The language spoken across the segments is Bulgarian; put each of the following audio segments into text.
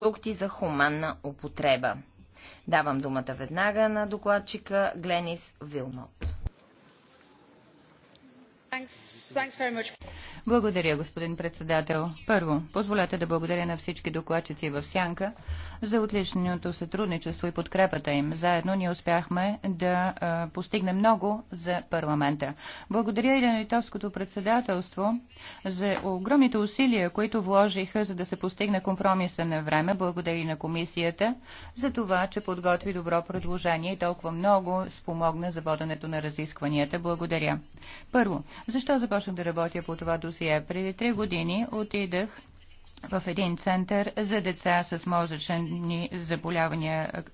продукти за хуманна употреба. Давам думата веднага на докладчика Гленис Вилмот. Благодаря, господин председател. Първо, позволете да благодаря на всички докладчици в Сянка за отличното сътрудничество и подкрепата им. Заедно ние успяхме да а, постигнем много за парламента. Благодаря и на литовското председателство за огромните усилия, които вложиха, за да се постигне компромиса на време. Благодаря и на комисията за това, че подготви добро предложение и толкова много спомогна за воденето на разискванията. Благодаря. Първо, защо започнах да работя по това досие? Русия. Преди три години отидах в един център за деца с мозъчни заболявания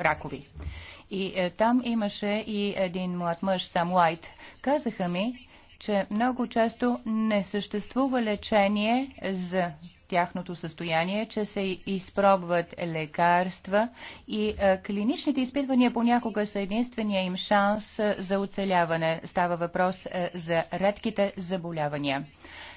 ракови. И е, там имаше и един млад мъж, Сам Лайт. Казаха ми, че много често не съществува лечение за тяхното състояние, че се изпробват лекарства и е, клиничните изпитвания понякога са единствения им шанс е, за оцеляване. Става въпрос е, за редките заболявания.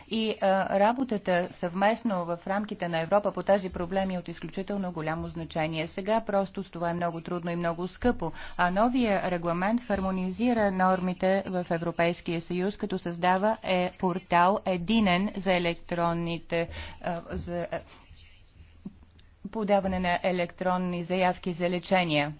И а, работата съвместно в рамките на Европа по тези проблеми е от изключително голямо значение. Сега просто това е много трудно и много скъпо, а новия регламент хармонизира нормите в Европейския съюз, като създава е портал единен за електронните а, за подаване на електронни заявки за лечение.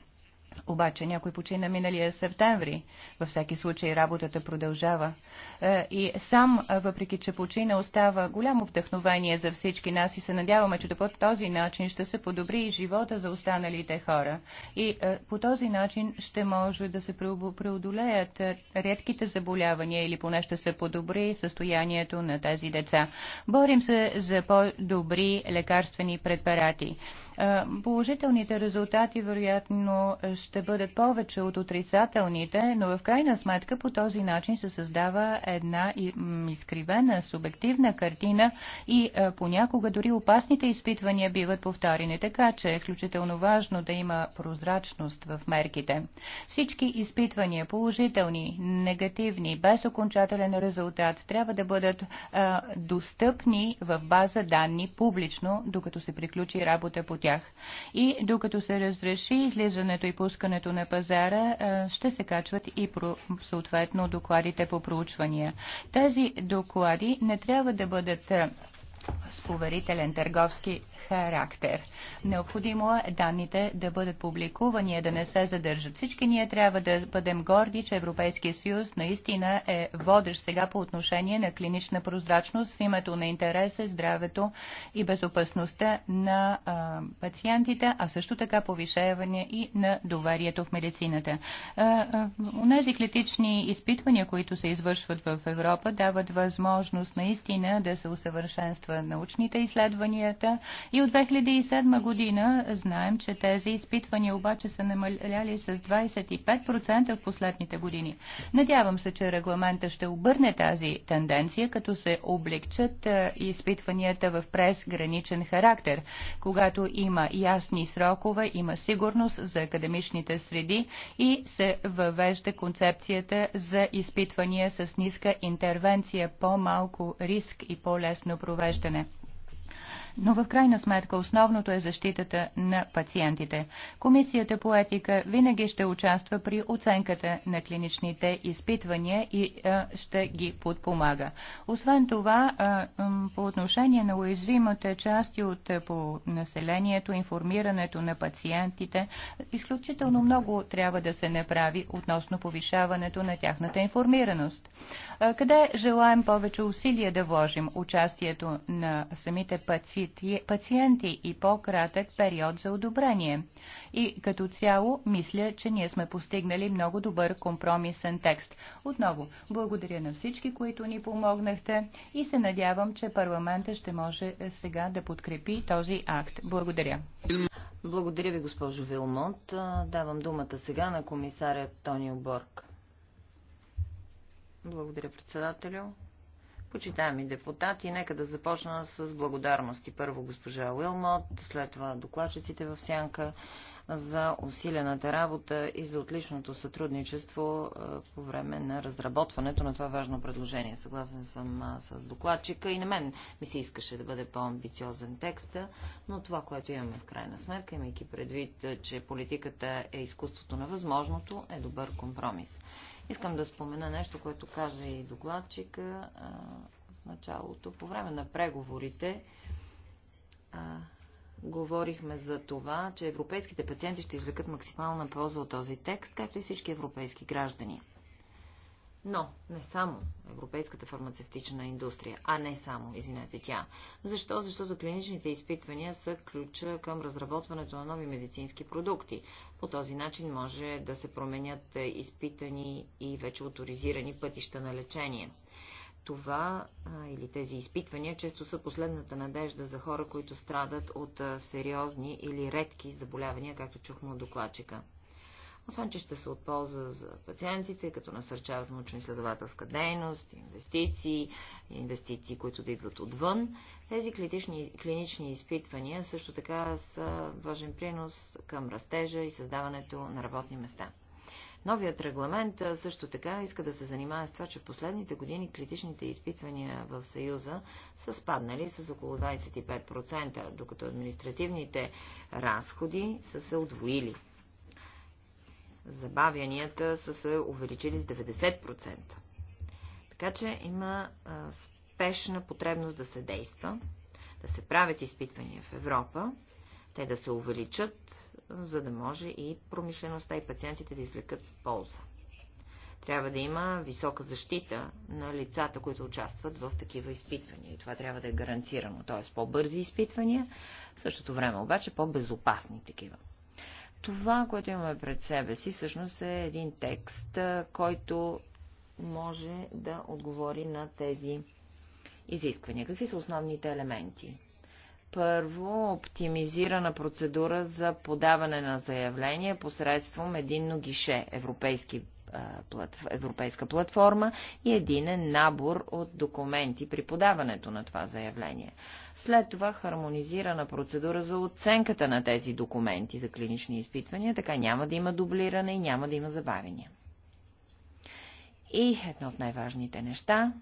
Обаче някой почина миналия септември. Във всеки случай работата продължава. Е, и сам, е, въпреки че почина, остава голямо вдъхновение за всички нас и се надяваме, че по този начин ще се подобри и живота за останалите хора. И е, по този начин ще може да се преодолеят редките заболявания или поне ще се подобри състоянието на тези деца. Борим се за по-добри лекарствени препарати. Е, положителните резултати вероятно ще бъдат повече от отрицателните, но в крайна сметка по този начин се създава една изкривена, субективна картина и е, понякога дори опасните изпитвания биват повторени. Така че е изключително важно да има прозрачност в мерките. Всички изпитвания, положителни, негативни, без окончателен резултат, трябва да бъдат е, достъпни в база данни публично, докато се приключи работа по тях. И докато се разреши излизането и пускането на пазара, ще се качват и про, съответно докладите по проучвания. Тези доклади не трябва да бъдат с поверителен търговски характер. Необходимо е данните да бъдат публикувани, да не се задържат. Всички ние трябва да бъдем горди, че Европейския съюз наистина е водещ сега по отношение на клинична прозрачност в името на интереса, здравето и безопасността на а, пациентите, а също така повишаване и на доверието в медицината. Унези клетични изпитвания, които се извършват в Европа, дават възможност наистина да се усъвършенства научните изследванията. И от 2007 година знаем, че тези изпитвания обаче са намаляли с 25% в последните години. Надявам се, че регламента ще обърне тази тенденция, като се облегчат е, изпитванията в презграничен характер, когато има ясни срокове, има сигурност за академичните среди и се въвежда концепцията за изпитвания с ниска интервенция, по-малко риск и по-лесно провеждане четене. Но в крайна сметка основното е защитата на пациентите. Комисията по етика винаги ще участва при оценката на клиничните изпитвания и а, ще ги подпомага. Освен това, а, по отношение на уязвимите части от по населението, информирането на пациентите, изключително много трябва да се направи относно повишаването на тяхната информираност. А, къде желаем повече усилия да вложим участието на самите пациенти? пациенти и по-кратък период за одобрение. И като цяло, мисля, че ние сме постигнали много добър компромисен текст. Отново, благодаря на всички, които ни помогнахте и се надявам, че парламента ще може сега да подкрепи този акт. Благодаря. Благодаря ви, госпожо Вилмонт. Давам думата сега на комисаря Тонио Борг. Благодаря, председателю. Почитаеми депутати, нека да започна с благодарности. Първо госпожа Уилмот, след това докладчиците в Сянка за усилената работа и за отличното сътрудничество е, по време на разработването на това важно предложение. Съгласен съм с докладчика и на мен ми се искаше да бъде по-амбициозен текста, но това, което имаме в крайна сметка, имайки предвид, че политиката е изкуството на възможното, е добър компромис. Искам да спомена нещо, което каза и докладчика в началото. По време на преговорите а, говорихме за това, че европейските пациенти ще извлекат максимална полза от този текст, както и всички европейски граждани. Но не само европейската фармацевтична индустрия, а не само, извинете, тя. Защо? Защото клиничните изпитвания са ключа към разработването на нови медицински продукти. По този начин може да се променят изпитани и вече авторизирани пътища на лечение това а, или тези изпитвания често са последната надежда за хора, които страдат от а, сериозни или редки заболявания, както чухме от докладчика освен че ще се отполза за пациентите, като насърчават научно-изследователска дейност, инвестиции, инвестиции, които да идват отвън. Тези клинични, клинични изпитвания също така са важен принос към растежа и създаването на работни места. Новият регламент също така иска да се занимава с това, че в последните години критичните изпитвания в Съюза са спаднали с около 25%, докато административните разходи са се удвоили забавянията са се увеличили с 90%. Така че има а, спешна потребност да се действа, да се правят изпитвания в Европа, те да се увеличат, за да може и промишлеността и пациентите да извлекат с полза. Трябва да има висока защита на лицата, които участват в такива изпитвания. И това трябва да е гарантирано. Т.е. по-бързи изпитвания, в същото време обаче по-безопасни такива. Това, което имаме пред себе си, всъщност е един текст, който може да отговори на тези изисквания. Какви са основните елементи? Първо, оптимизирана процедура за подаване на заявление посредством единно гише, европейски европейска платформа и един набор от документи при подаването на това заявление. След това хармонизирана процедура за оценката на тези документи за клинични изпитвания, така няма да има дублиране и няма да има забавения. И едно от най-важните неща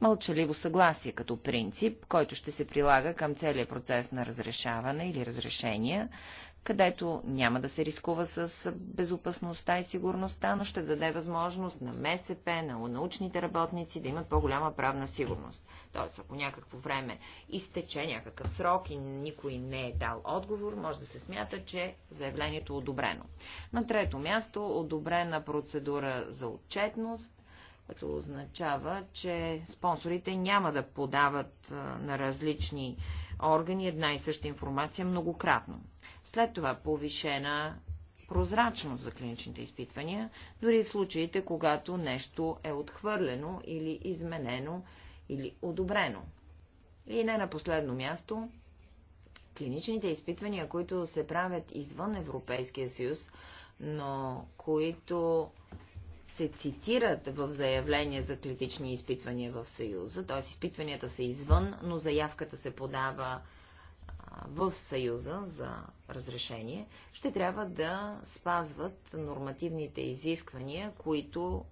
мълчаливо съгласие като принцип, който ще се прилага към целия процес на разрешаване или разрешения, където няма да се рискува с безопасността и сигурността, но ще даде възможност на МСП, на научните работници да имат по-голяма правна сигурност. Тоест, ако някакво време изтече някакъв срок и никой не е дал отговор, може да се смята, че заявлението е одобрено. На трето място, одобрена процедура за отчетност което означава, че спонсорите няма да подават на различни органи една и съща информация многократно. След това повишена прозрачност за клиничните изпитвания, дори в случаите, когато нещо е отхвърлено или изменено или одобрено. И не на последно място, клиничните изпитвания, които се правят извън Европейския съюз, но които се цитират в заявление за клинични изпитвания в Съюза, т.е. изпитванията са извън, но заявката се подава в Съюза за разрешение, ще трябва да спазват нормативните изисквания, които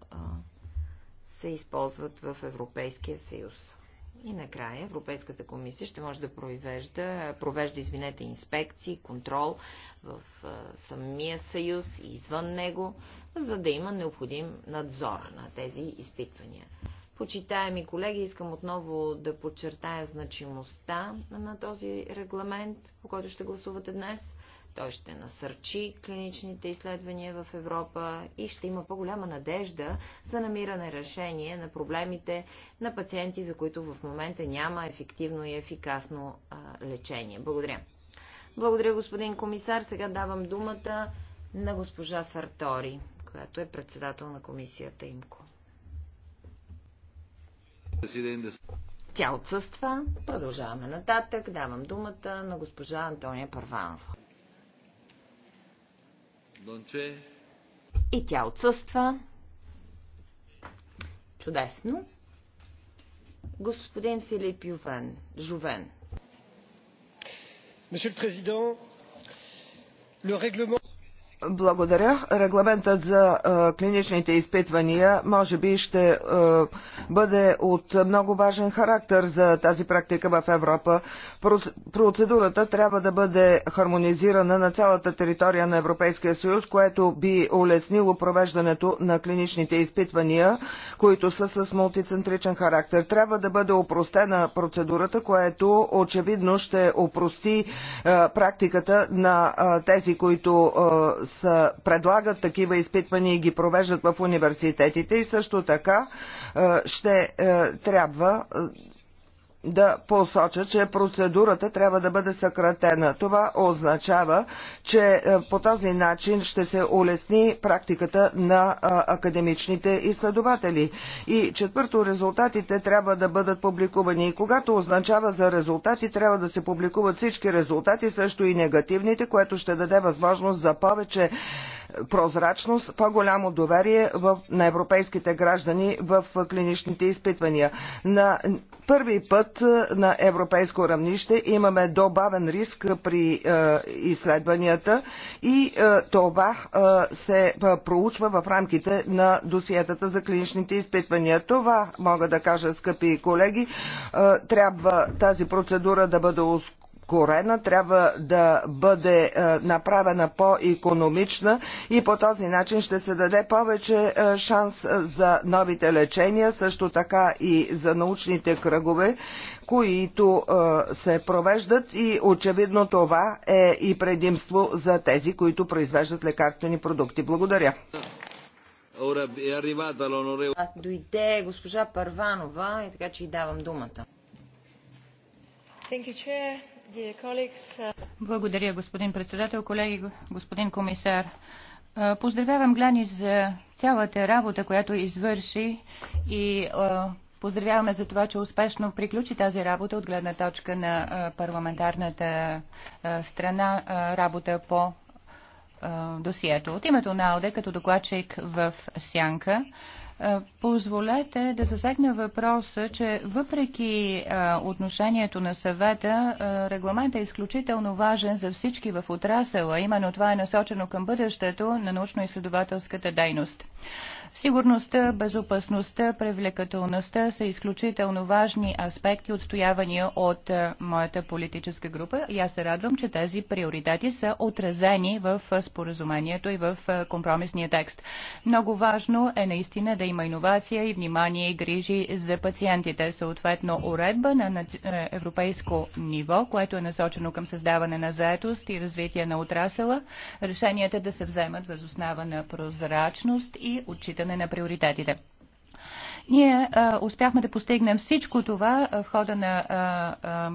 се използват в Европейския съюз. И накрая Европейската комисия ще може да провежда, провежда извинете, инспекции, контрол в самия съюз и извън него, за да има необходим надзор на тези изпитвания. Почитаеми колеги, искам отново да подчертая значимостта на този регламент, по който ще гласувате днес. Той ще насърчи клиничните изследвания в Европа и ще има по-голяма надежда за намиране решение на проблемите на пациенти, за които в момента няма ефективно и ефикасно а, лечение. Благодаря. Благодаря, господин комисар. Сега давам думата на госпожа Сартори, която е председател на комисията ИМКО. Тя отсъства. Продължаваме нататък. Давам думата на госпожа Антония Парванова. И тя отсъства. Чудесно. Господин Филип Ювен, Жувен. Monsieur президент, Président, le règlement благодаря. Регламентът за клиничните изпитвания може би ще бъде от много важен характер за тази практика в Европа. Процедурата трябва да бъде хармонизирана на цялата територия на Европейския съюз, което би улеснило провеждането на клиничните изпитвания, които са с мултицентричен характер. Трябва да бъде опростена процедурата, което очевидно ще опрости практиката на тези, които предлагат такива изпитвания и ги провеждат в университетите и също така ще трябва да посоча, че процедурата трябва да бъде съкратена. Това означава, че е, по този начин ще се улесни практиката на академичните изследователи. И четвърто, резултатите трябва да бъдат публикувани. И когато означава за резултати, трябва да се публикуват всички резултати, също и негативните, което ще даде възможност за повече прозрачност, по-голямо доверие в, на европейските граждани в клиничните изпитвания. На първи път е, на европейско равнище имаме добавен риск при е, изследванията и е, това е, се е, проучва в рамките на досиетата за клиничните изпитвания. Това мога да кажа, скъпи колеги, е, трябва тази процедура да бъде ускорена корена, трябва да бъде е, направена по-економична и по този начин ще се даде повече е, шанс е, за новите лечения, също така и за научните кръгове, които се провеждат и очевидно това е и предимство за тези, които произвеждат лекарствени продукти. Благодаря. дойде госпожа Парванова, и така че и давам думата. Thank you, Chair. Uh, Благодаря, господин председател, колеги, господин комисар. Поздравявам Глени за цялата работа, която извърши и Поздравяваме за това, че успешно приключи тази работа от гледна точка на парламентарната страна, работа по досието. От името на АЛДЕ като докладчик в Сянка е, позволете да засегна въпроса, че въпреки е, отношението на съвета, е, регламент е изключително важен за всички в отрасъла. Именно това е насочено към бъдещето на научно-изследователската дейност. Сигурността, безопасността, привлекателността са изключително важни аспекти, отстоявания от е, моята политическа група и аз се радвам, че тези приоритети са отразени в е, споразумението и в е, компромисния текст. Много важно е наистина да има иновация и внимание и грижи за пациентите, съответно уредба на европейско ниво, което е насочено към създаване на заетост и развитие на отрасъла, решенията да се вземат възоснава на прозрачност и отчитане отчитане на приоритетите. Ние а, успяхме да постигнем всичко това в хода на а, а,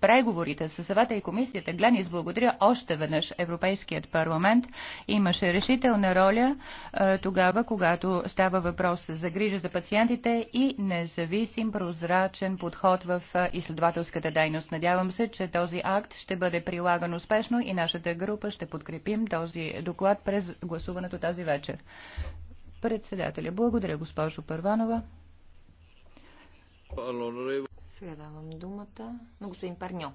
преговорите с съвета и комисията. Гленис благодаря още веднъж Европейският парламент. Имаше решителна роля а, тогава, когато става въпрос за грижа за пациентите и независим прозрачен подход в изследователската дейност. Надявам се, че този акт ще бъде прилаган успешно и нашата група ще подкрепим този доклад през гласуването тази вечер. Председателя. Благодаря, госпожо Първанова. Сега давам думата на господин Парньо.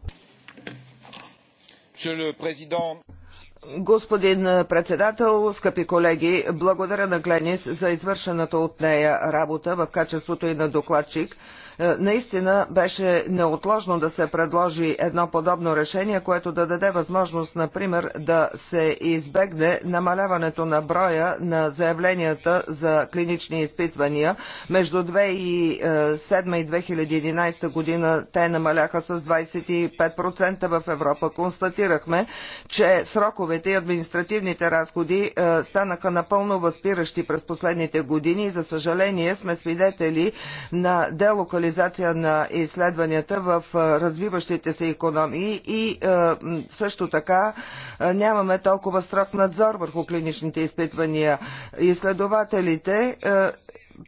Господин председател, скъпи колеги, благодаря на Гленис за извършената от нея работа в качеството и на докладчик. Е, наистина беше неотложно да се предложи едно подобно решение, което да даде възможност, например, да се избегне намаляването на броя на заявленията за клинични изпитвания. Между 2007 и 2011 година те намаляха с 25% в Европа. Констатирахме, че сроковете и административните разходи е, станаха напълно възпиращи през последните години и, за съжаление, сме свидетели на делокализация актуализация на изследванията в развиващите се економии и също така нямаме толкова строг надзор върху клиничните изпитвания. Изследователите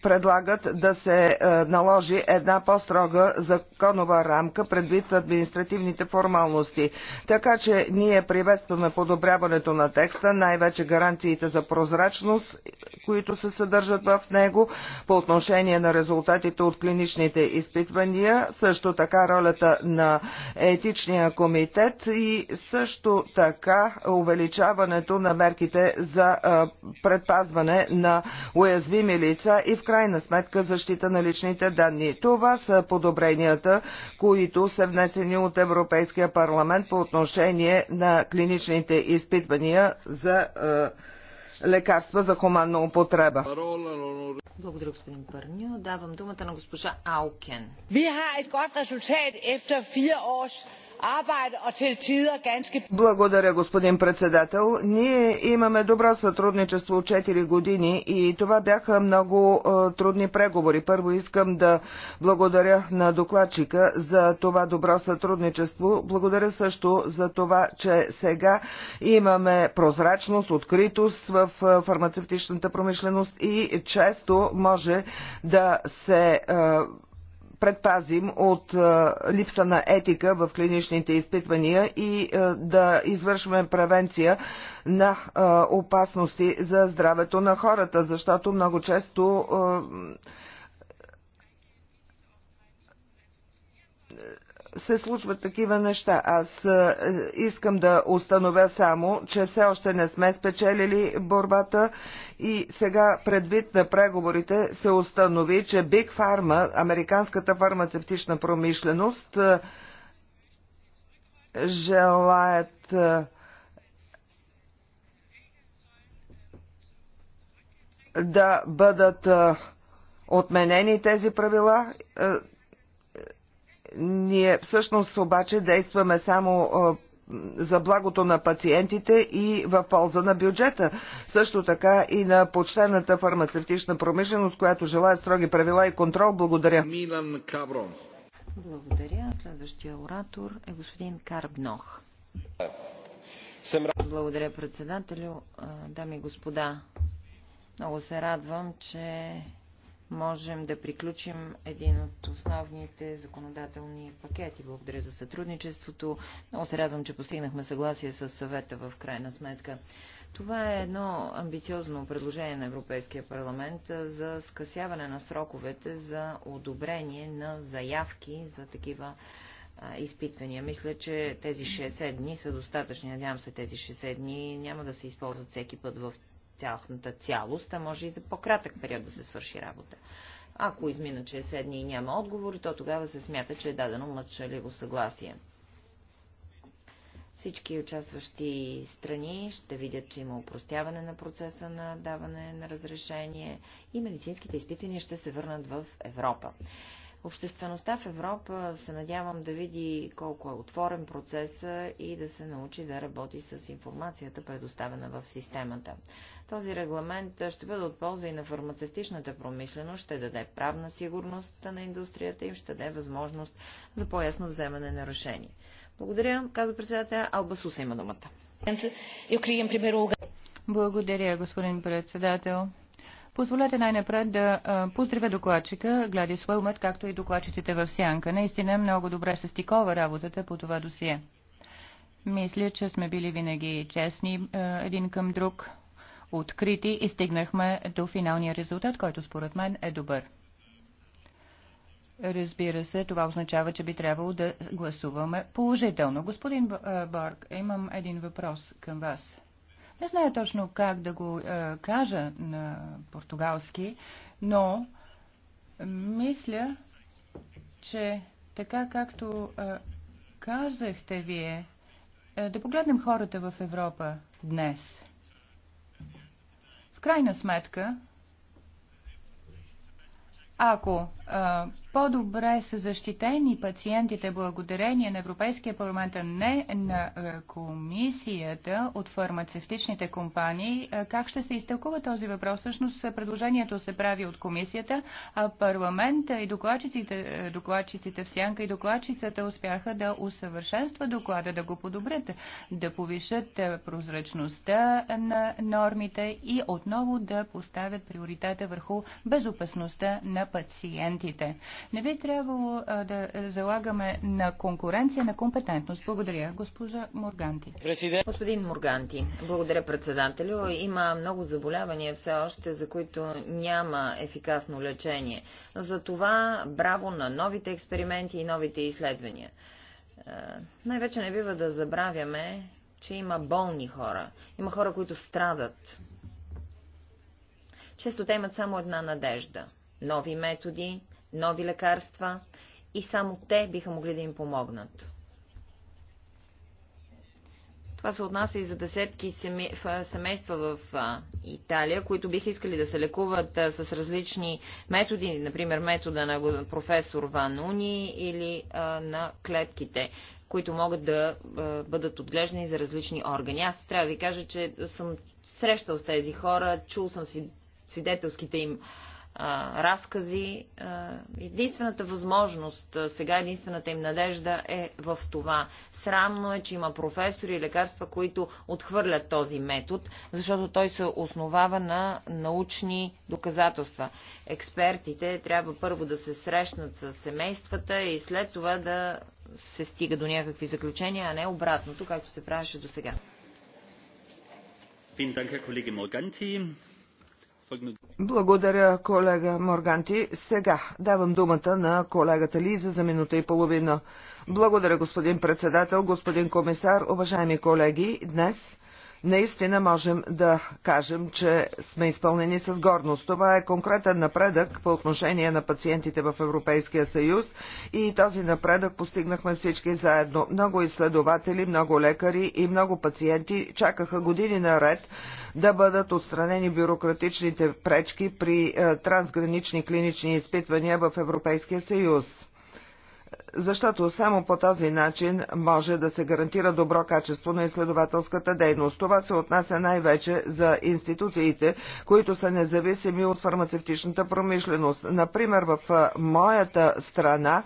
предлагат да се е, наложи една по-строга законова рамка предвид административните формалности. Така че ние приветстваме подобряването на текста, най-вече гаранциите за прозрачност, които се съдържат в него по отношение на резултатите от клиничните изпитвания, също така ролята на етичния комитет и също така увеличаването на мерките за е, предпазване на уязвими лица и в крайна сметка защита на личните данни. Това са подобренията, които са внесени от Европейския парламент по отношение на клиничните изпитвания за е, лекарства за хуманна употреба. Благодаря, господин Пърню. Давам думата на госпожа Аукен. Вие имате et godt 4 благодаря, господин председател. Ние имаме добро сътрудничество от 4 години и това бяха много е, трудни преговори. Първо искам да благодаря на докладчика за това добро сътрудничество. Благодаря също за това, че сега имаме прозрачност, откритост в е, фармацевтичната промишленост и често може да се е, предпазим от липса на етика в клиничните изпитвания и да извършваме превенция на опасности за здравето на хората, защото много често се случват такива неща. Аз е, искам да установя само, че все още не сме спечелили борбата и сега предвид на преговорите се установи, че Big Pharma, американската фармацевтична промишленост, е, желаят е, да бъдат отменени тези правила ние всъщност обаче действаме само за благото на пациентите и в полза на бюджета. Също така и на почтената фармацевтична промишленост, която желая строги правила и контрол. Благодаря. Милан Каброн. Благодаря. Следващия оратор е господин Карбнох. Благодаря, председателю. Дами и господа, много се радвам, че можем да приключим един от основните законодателни пакети. Благодаря за сътрудничеството. Много се радвам, че постигнахме съгласие с съвета в крайна сметка. Това е едно амбициозно предложение на Европейския парламент за скъсяване на сроковете за одобрение на заявки за такива изпитвания. Мисля, че тези 60 дни са достатъчни. Надявам се, тези 60 дни няма да се използват всеки път в цялостната цялост, а може и за по-кратък период да се свърши работа. Ако измина е дни и няма отговори, то тогава се смята, че е дадено мълчаливо съгласие. Всички участващи страни ще видят, че има упростяване на процеса на даване на разрешение и медицинските изпитвания ще се върнат в Европа. Обществеността в Европа се надявам да види колко е отворен процеса и да се научи да работи с информацията, предоставена в системата. Този регламент ще бъде от полза и на фармацевтичната промишленост, ще даде правна сигурност на индустрията и ще даде възможност за по-ясно вземане на решение. Благодаря, каза председателя. Суса, има думата. Благодаря, господин председател. Позволете най-напред да поздравя докладчика Гладис Уелмет, както и докладчиците в Сянка. Наистина много добре се стикова работата по това досие. Мисля, че сме били винаги честни един към друг, открити и стигнахме до финалния резултат, който според мен е добър. Разбира се, това означава, че би трябвало да гласуваме положително. Господин Борг, имам един въпрос към вас. Не знае точно как да го е, кажа на португалски, но мисля, че така както е, казахте вие, е, да погледнем хората в Европа днес. В крайна сметка, ако по-добре са защитени пациентите благодарение на Европейския парламент, а не на а, комисията от фармацевтичните компании, а, как ще се изтълкува този въпрос? Всъщност предложението се прави от комисията, а парламента и докладчиците, докладчиците в сянка и докладчицата успяха да усъвършенства доклада, да го подобрят, да повишат прозрачността на нормите и отново да поставят приоритета върху безопасността на пациентите. Не би трябвало да залагаме на конкуренция, на компетентност. Благодаря, госпожа Морганти. Президент. Господин Морганти, благодаря председателю. Има много заболявания все още, за които няма ефикасно лечение. За това браво на новите експерименти и новите изследвания. Най-вече не бива да забравяме, че има болни хора. Има хора, които страдат. Често те имат само една надежда нови методи, нови лекарства и само те биха могли да им помогнат. Това се отнася и за десетки семейства в Италия, които биха искали да се лекуват с различни методи, например метода на професор Ван Уни или на клетките, които могат да бъдат отглеждани за различни органи. Аз трябва да ви кажа, че съм срещал с тези хора, чул съм свидетелските им разкази. единствената възможност, сега единствената им надежда е в това. Срамно е, че има професори и лекарства, които отхвърлят този метод, защото той се основава на научни доказателства. Експертите трябва първо да се срещнат с семействата и след това да се стига до някакви заключения, а не обратното, както се правеше до сега. Vielen колеги Herr благодаря, колега Морганти. Сега давам думата на колегата Лиза за минута и половина. Благодаря, господин председател, господин комисар, уважаеми колеги. Днес наистина можем да кажем, че сме изпълнени с горност. Това е конкретен напредък по отношение на пациентите в Европейския съюз и този напредък постигнахме всички заедно. Много изследователи, много лекари и много пациенти чакаха години наред да бъдат отстранени бюрократичните пречки при е, трансгранични клинични изпитвания в Европейския съюз защото само по този начин може да се гарантира добро качество на изследователската дейност. Това се отнася най-вече за институциите, които са независими от фармацевтичната промишленост. Например, в моята страна,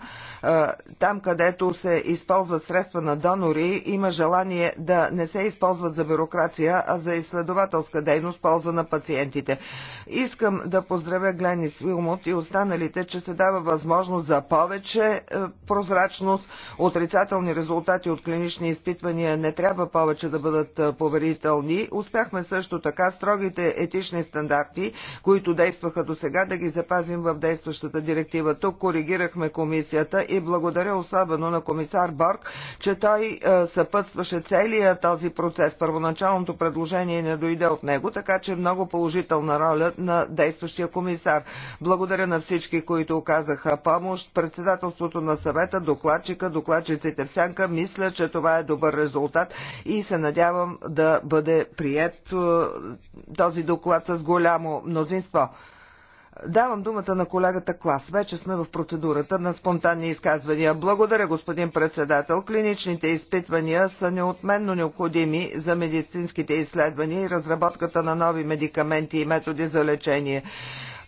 там където се използват средства на донори, има желание да не се използват за бюрокрация, а за изследователска дейност полза на пациентите. Искам да поздравя Гленис Вилмот и останалите, че се дава възможност за повече прозрачност, отрицателни резултати от клинични изпитвания не трябва повече да бъдат поверителни. Успяхме също така строгите етични стандарти, които действаха до сега, да ги запазим в действащата директива. Тук коригирахме комисията и благодаря особено на комисар Борг, че той съпътстваше целия този процес. Първоначалното предложение не дойде от него, така че много положителна роля на действащия комисар. Благодаря на всички, които оказаха помощ. Председателството на съвет съвета, докладчика, докладчиците в сянка. Мисля, че това е добър резултат и се надявам да бъде прият е, този доклад с голямо мнозинство. Давам думата на колегата Клас. Вече сме в процедурата на спонтанни изказвания. Благодаря, господин председател. Клиничните изпитвания са неотменно необходими за медицинските изследвания и разработката на нови медикаменти и методи за лечение.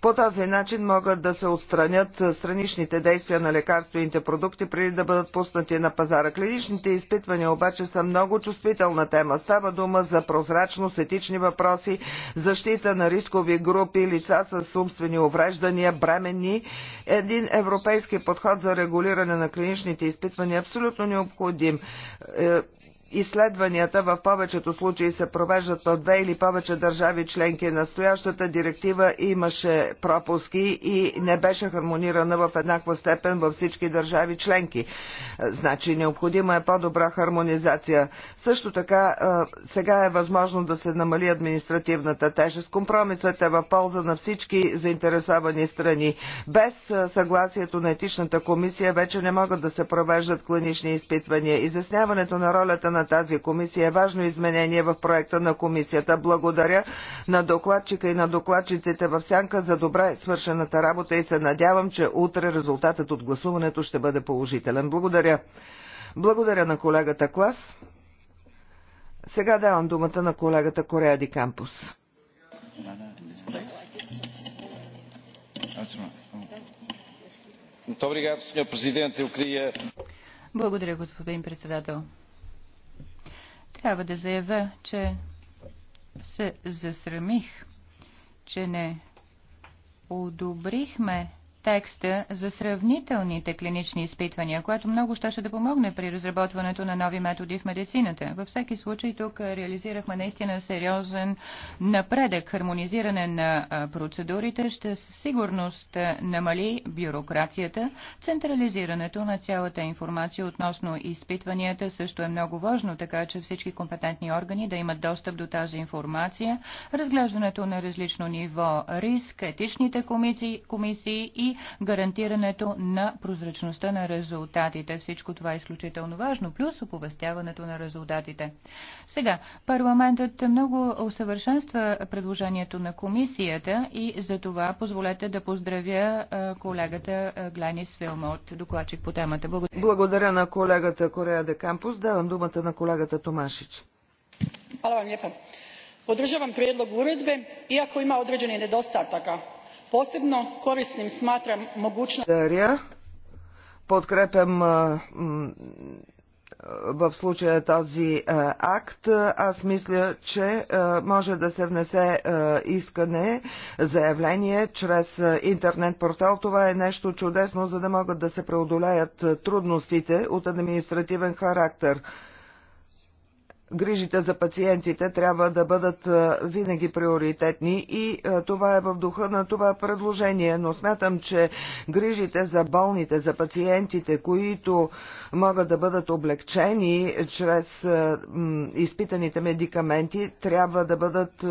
По този начин могат да се отстранят страничните действия на лекарствените продукти преди да бъдат пуснати на пазара. Клиничните изпитвания обаче са много чувствителна тема. Става дума за прозрачност, етични въпроси, защита на рискови групи, лица с умствени увреждания, бремени. Един европейски подход за регулиране на клиничните изпитвания е абсолютно необходим е, Изследванията в повечето случаи се провеждат от две или повече държави членки. Настоящата директива имаше пропуски и не беше хармонирана в еднаква степен във всички държави членки. Значи необходима е по-добра хармонизация. Също така сега е възможно да се намали административната тежест. Компромисът е в полза на всички заинтересовани страни. Без съгласието на етичната комисия вече не могат да се провеждат клинични изпитвания. Изясняването на ролята на тази комисия е важно изменение в проекта на комисията. Благодаря на докладчика и на докладчиците в Сянка за добра свършената работа и се надявам, че утре резултатът от гласуването ще бъде положителен. Благодаря. Благодаря на колегата Клас. Сега давам думата на колегата Корея Ди Кампус. Благодаря, господин председател. Трябва да заявя, че се засрамих, че не одобрихме текста за сравнителните клинични изпитвания, което много ще, ще да помогне при разработването на нови методи в медицината. Във всеки случай тук реализирахме наистина сериозен напредък. Хармонизиране на процедурите ще със сигурност намали бюрокрацията. Централизирането на цялата информация относно изпитванията също е много важно, така че всички компетентни органи да имат достъп до тази информация. Разглеждането на различно ниво риск, етичните комисии, комисии и гарантирането на прозрачността на резултатите. Всичко това е изключително важно, плюс оповестяването на резултатите. Сега, парламентът много усъвършенства предложението на комисията и за това позволете да поздравя колегата Гланис Филмот, докладчик по темата. Благодаря. Благодаря на колегата Корея де Кампус. Давам думата на колегата Томашич. Hvala vam lijepa. Podržavam prijedlog uredbe, iako ima određenih nedostataka Posebno korisnim smatram mogućnost... Подкрепям в случая този акт, аз мисля, че може да се внесе искане, заявление чрез интернет портал. Това е нещо чудесно, за да могат да се преодолеят трудностите от административен характер грижите за пациентите трябва да бъдат е, винаги приоритетни и е, това е в духа на това предложение, но смятам, че грижите за болните, за пациентите, които могат да бъдат облегчени чрез е, изпитаните медикаменти, трябва да бъдат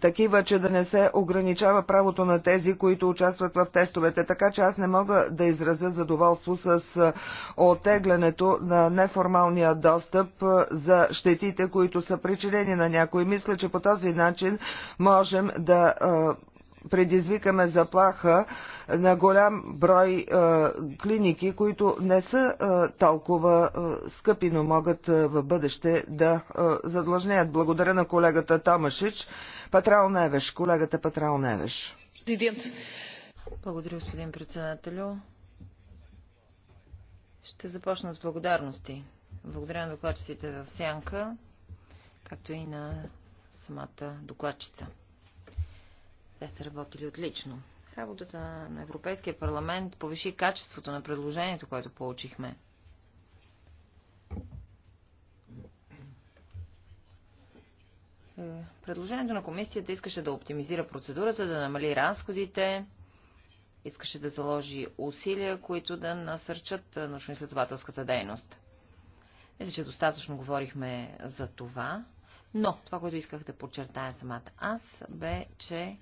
такива, че да не се ограничава правото на тези, които участват в тестовете. Така че аз не мога да изразя задоволство с отеглянето на неформалния достъп за щетите, които са причинени на някой. Мисля, че по този начин можем да предизвикаме заплаха на голям брой е, клиники, които не са е, толкова е, скъпи, но могат е, в бъдеще да е, задлъжнеят. Благодаря на колегата Томашич. Патрал Невеш, колегата Патрал Невеш. Благодаря, господин председателю. Ще започна с благодарности. Благодаря на докладчиците в Сянка, както и на самата докладчица. Те са работили отлично. Работата на Европейския парламент повиши качеството на предложението, което получихме. Предложението на комисията искаше да оптимизира процедурата, да намали разходите, искаше да заложи усилия, които да насърчат научно-изследователската дейност. Мисля, че достатъчно говорихме за това, но това, което исках да подчертая самата аз, бе, че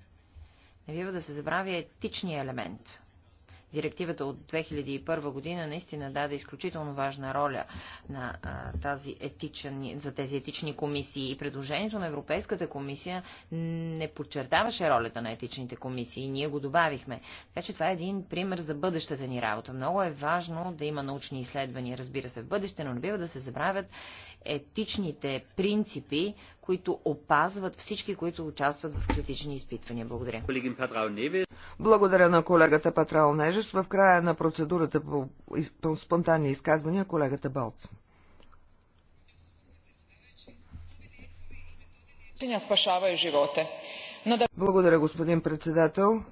не бива да се забравя етичния елемент. Директивата от 2001 година наистина даде изключително важна роля на тази етичен, за тези етични комисии и предложението на Европейската комисия не подчертаваше ролята на етичните комисии и ние го добавихме. Така че това е един пример за бъдещата ни работа. Много е важно да има научни изследвания, разбира се, в бъдеще, но не бива да се забравят етичните принципи, които опазват всички, които участват в критични изпитвания. Благодаря. Благодаря на колегата Патрал Нежес. В края на процедурата по спонтанни изказвания колегата Балц. Благодаря, господин председател.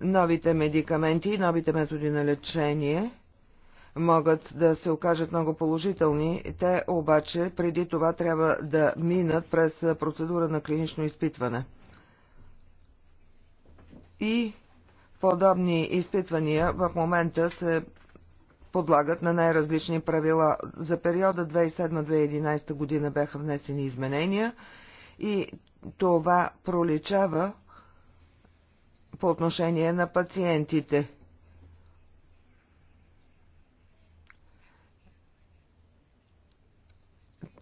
Новите медикаменти и новите методи на лечение могат да се окажат много положителни. Те обаче преди това трябва да минат през процедура на клинично изпитване. И подобни изпитвания в момента се подлагат на най-различни правила. За периода 2007-2011 година бяха внесени изменения и това проличава по отношение на пациентите.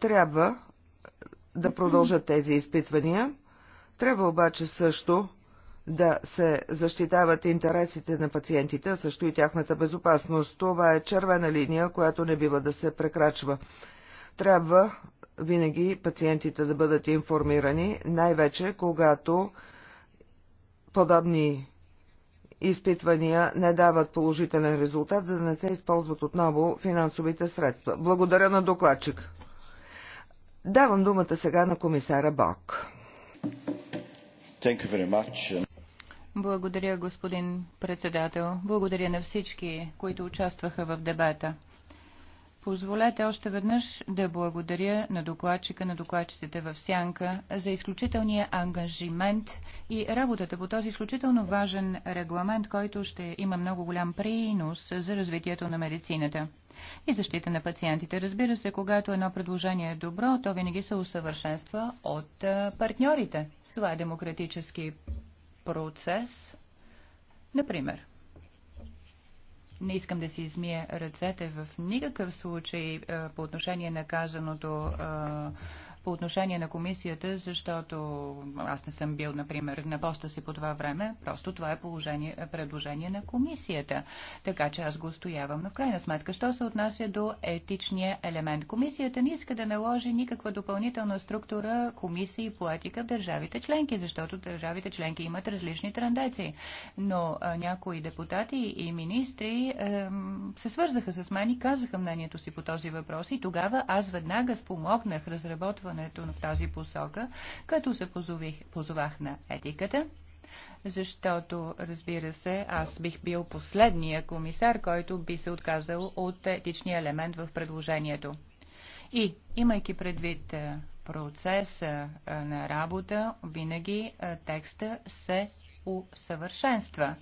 трябва да продължат тези изпитвания. Трябва обаче също да се защитават интересите на пациентите, също и тяхната безопасност. Това е червена линия, която не бива да се прекрачва. Трябва винаги пациентите да бъдат информирани, най-вече когато подобни изпитвания не дават положителен резултат, за да не се използват отново финансовите средства. Благодаря на докладчик. Давам думата сега на комисара Бог. Благодаря, господин председател. Благодаря на всички, които участваха в дебата. Позволете още веднъж да благодаря на докладчика, на докладчиците в Сянка за изключителния ангажимент и работата по този изключително важен регламент, който ще има много голям принос за развитието на медицината и защита на пациентите. Разбира се, когато едно предложение е добро, то винаги се усъвършенства от партньорите. Това е демократически процес. Например, не искам да си измия ръцете в никакъв случай по отношение на казаното по отношение на комисията, защото аз не съм бил, например, на поста си по това време. Просто това е положение, предложение на комисията. Така че аз го стоявам. Но в крайна сметка, що се отнася до етичния елемент? Комисията не иска да наложи никаква допълнителна структура комисии и поетика в държавите членки, защото държавите членки имат различни тенденции. Но а, някои депутати и министри а, се свързаха с мен и казаха мнението си по този въпрос и тогава аз веднага спомогнах разработване изследването в тази посока, като се позових, позовах на етиката, защото, разбира се, аз бих бил последния комисар, който би се отказал от етичния елемент в предложението. И, имайки предвид е, процеса е, на работа, винаги е, текста се усъвършенства.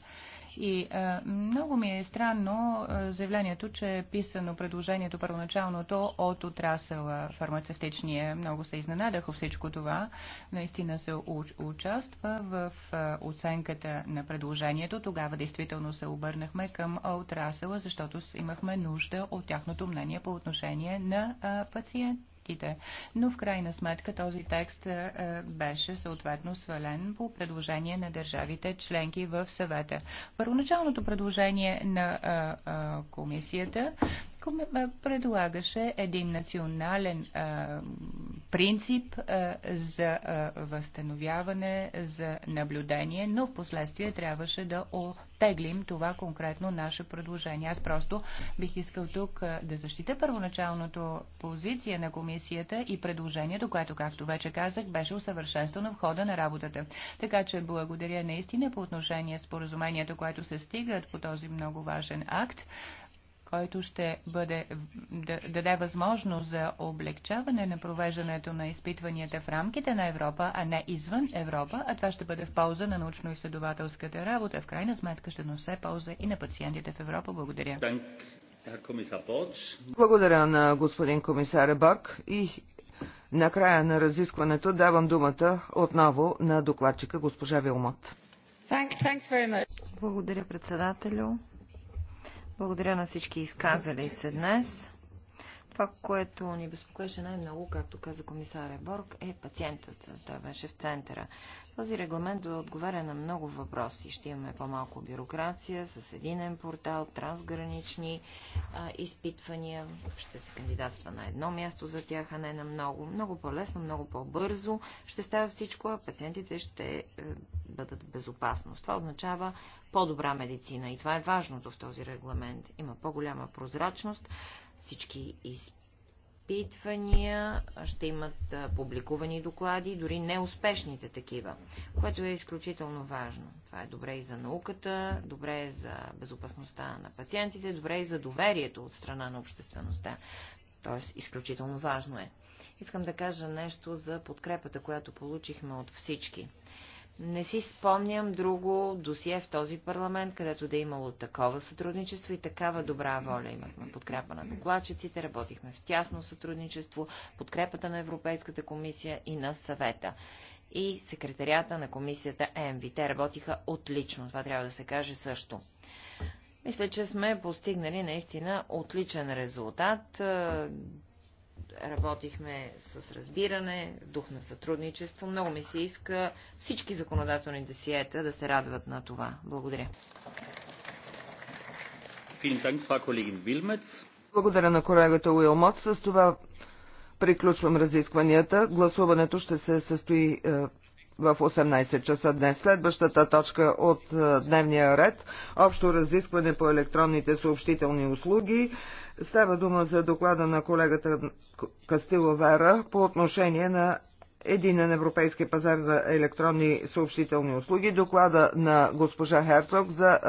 И а, е, много ми е странно а, е, заявлението, че е писано предложението първоначалното от отрасъла фармацевтичния. Много се изненадах всичко това. Наистина се участва в а, е, оценката на предложението. Тогава действително се обърнахме към отрасъла, защото имахме нужда от тяхното мнение по отношение на а, пациент проектите. Но в крайна сметка този текст е, беше съответно свален по предложение на държавите членки в съвета. Първоначалното предложение на е, е, комисията предлагаше един национален а, принцип а, за а, възстановяване, за наблюдение, но в последствие трябваше да оттеглим това конкретно наше предложение. Аз просто бих искал тук да защита първоначалното позиция на комисията и предложението, което, както вече казах, беше усъвършенствано в хода на работата. Така че благодаря наистина по отношение с поразумението, което се стигат по този много важен акт който ще бъде, даде възможност за облегчаване на провеждането на изпитванията в рамките на Европа, а не извън Европа, а това ще бъде в полза на научно-изследователската работа. В крайна сметка ще носе полза и на пациентите в Европа. Благодаря. Благодаря на господин комисар Борг и накрая на разискването давам думата отново на докладчика госпожа Вилмот. Благодаря председателю. Благодаря на всички изказали се днес. Това, което ни безпокоеше най-много, както каза комисаря Борг, е пациентът. Той беше в центъра. Този регламент отговаря на много въпроси. Ще имаме по-малко бюрокрация, с единен портал, трансгранични а, изпитвания. Ще се кандидатства на едно място за тях, а не на много. Много по-лесно, много по-бързо ще става всичко, а пациентите ще е, бъдат в безопасност. Това означава по-добра медицина и това е важното в този регламент. Има по-голяма прозрачност, всички изпитвания, ще имат публикувани доклади, дори неуспешните такива, което е изключително важно. Това е добре и за науката, добре е за безопасността на пациентите, добре е и за доверието от страна на обществеността. Тоест, изключително важно е. Искам да кажа нещо за подкрепата, която получихме от всички. Не си спомням друго досие в този парламент, където да е имало такова сътрудничество и такава добра воля. Имахме подкрепа на докладчиците, работихме в тясно сътрудничество, подкрепата на Европейската комисия и на съвета. И секретарията на комисията ЕМВИ. Те работиха отлично, това трябва да се каже също. Мисля, че сме постигнали наистина отличен резултат работихме с разбиране, дух на сътрудничество. Много ми се иска всички законодателни досиета да се радват на това. Благодаря. Благодаря на колегата Уилмот. С това приключвам разискванията. Гласуването ще се състои е, в 18 часа днес. Следващата точка от е, дневния ред – общо разискване по електронните съобщителни услуги. Става дума за доклада на колегата Кастило Вера по отношение на Единен европейски пазар за електронни съобщителни услуги, доклада на госпожа Херцог за